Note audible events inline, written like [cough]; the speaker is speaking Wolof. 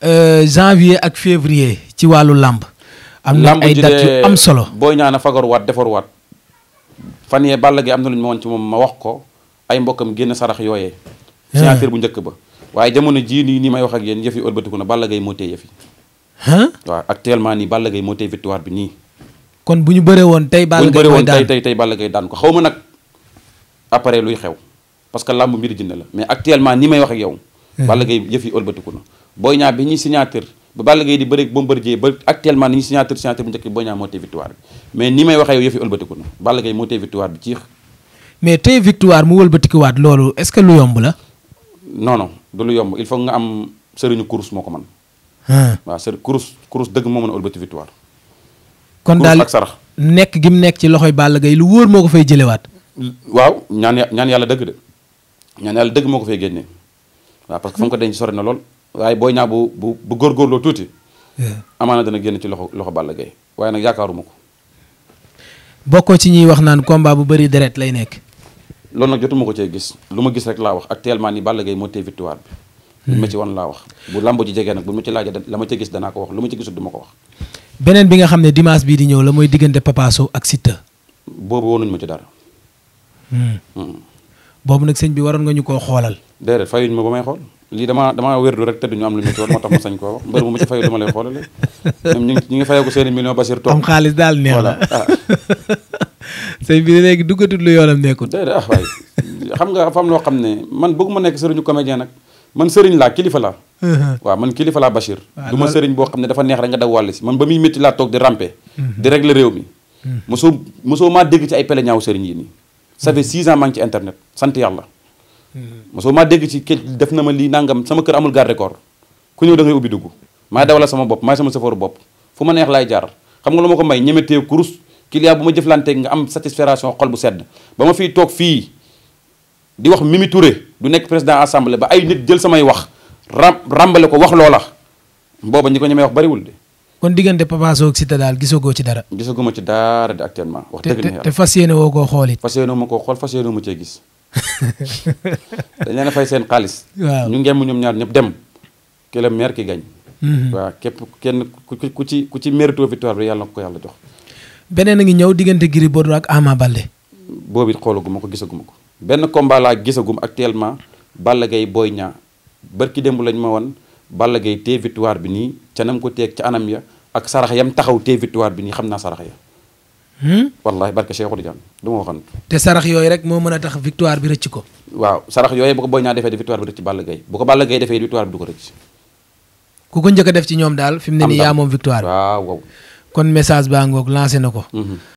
Euh, janvier ak février ci wàllu làmb am na ay date am solo booy ñaan a fagaruwaat defaruwaat fan yee bàll gi am na lu ñu ma moom ma wax ko ay mbokkam génn sarax yooyee ah. signature bu njëkk ba waaye jamono jii nii nii may wax ak yéen yëf ëlbatiku na Balla gay moo tee yëf yi ah. waaw actuellement nii Balla Gaye moo tee victoire bi nii kon bu ñu bëree woon tey Balla woon tey tey tey Balla Gaye daan ko xaw ma nag après luy xew parce que làmb mbiri jënd la mais actuellement nii may wax ak yow ah. Balla Gaye yëf yi ëlbatiku na Boy Niang bi ñuy signature ba Balla Gaye di bëre ak Bombardier ba actuellement ni ñuy signature signature bu njëkk Boy Niang moo tee victoire bi mais ni may waxee yow yëf yi ëlbatiku na Balla Gaye moo tee victoire bi ciix mais tey victoire yomb il faut nga am sëriñu course moo ko mën ah. waaw sër course course dëgg moo mën a ëlbati victoire kon daal ak nekk gi mu nekk ci loxoy Balla Gaye lu wóor moo ko fay jëlewaat waaw ñaan ñaan yàlla dëgg de ñaan yàlla dëgg moo ko fay génnee waaw parce que fa mu ko denc sori na lool waaye booy Niang bu bu bu góorgóorloo tuuti. amaana dana génn ci loxo loxo Balla waaye nag yaakaaruma ko. bokkoo ci ñuy wax naan combat bu bari deret lay nekk. loolu nag jotuma ko cee gis lu ma gis rek laa wax actuellement ni Balla Gaye moo téye victoire bi. lu ma ci wan laa wax bu lambo ji jegee nag bu ma ci laajee la ma ci gis danaa ko wax lu ma ci gisul du ma ko wax. beneen bi nga xam ne dimanche bii di ñëw la mooy diggante Papa Sow ak Siteu. boobu woonuñu ma ci dara. Hmm. Hmm. boobu nag sëñ bi waroon nga ñu ko xoolal. déedéet ma ba may lii dama dama wérdu rek tëdd ñu am lu métti woon moo tax ma sañ koo wax mbër bu ma ci fayu dama lay xoolale ñoom ñu ngi ñu ngi fayeeku seen million basir toog am xaalis daal neex la ah [laughs] bi léegi duggatul lu yoonam nekkul déedéet ah, xam nga fam loo xam ne man bëgguma nekk sëriñu comédien nag man sëriñ laa kilifa laa uh-huh. waaw man kilifa laa Bachir du ma sëriñ boo xam ne dafa neex rek nga daw wàll si man ba muy métti laa toog di rampe uh-huh. di régler réew mi uh-huh. mosoo mosoo maa dégg ci ay pele ñaaw sëriñ yi nii ça fait six ans maa ci internet sant yàlla mosoo mm-hmm. ma dégg ci kecc def na ma lii nangam sama kër amul garde ku ñëw da ngay ubbi dugg maay la sama bopp maay sama safaru bopp fu ma neex laay jaar xam nga lu ma ko may ñemetee kurus client bu ma jëflante nga am satisfaction xol bu sedd ba ma fiy toog fii di wax Mimi Touré du nekk président assemblée ba ay nit jël samay wax ram rambale ko wax loola booba ñi ko ñemee wax bariwul de. kon diggante Papa Sow ak Siteu daal gisagoo ci dara. gisaguma ci dara xool it. fas yéene ma koo dañ leen a fay seen xaalis. waaw ñu ngemm ñoom ñaar ñëpp dem. ki la meer ki gañ. waaw képp kenn ku ci ku ci mérito victoire bi yàlla na ko yàlla jox. beneen a ngi ñëw diggante Gris Bordeaux ak Ama Baldé. boobu it xoolaguma ko gisaguma ko. benn combat laa gisagum actuellement Balla booy ñaa Niang barki démb lañ ma wan Balla Gaye tee victoire bi nii ca nam ko teeg ca anam ya ak sarax yam taxaw tee victoire bi nii xam naa sarax ya. Hmm? wallahi barke Cheikh Tidiane du ma waxantu te sarax yooyu rek moo mën a tax victoire bi rëcc ko waaw sarax yooyu bu ko Boy Niang defee di victoire bi rëcc Balla Gaye bu ko Balla Gaye defee di victoire bi du ko rëcc ku ko njëkk def ci ñoom daal fi mu ne nii yaa moom victoire kon message baa ngoog lancé na ko mhm.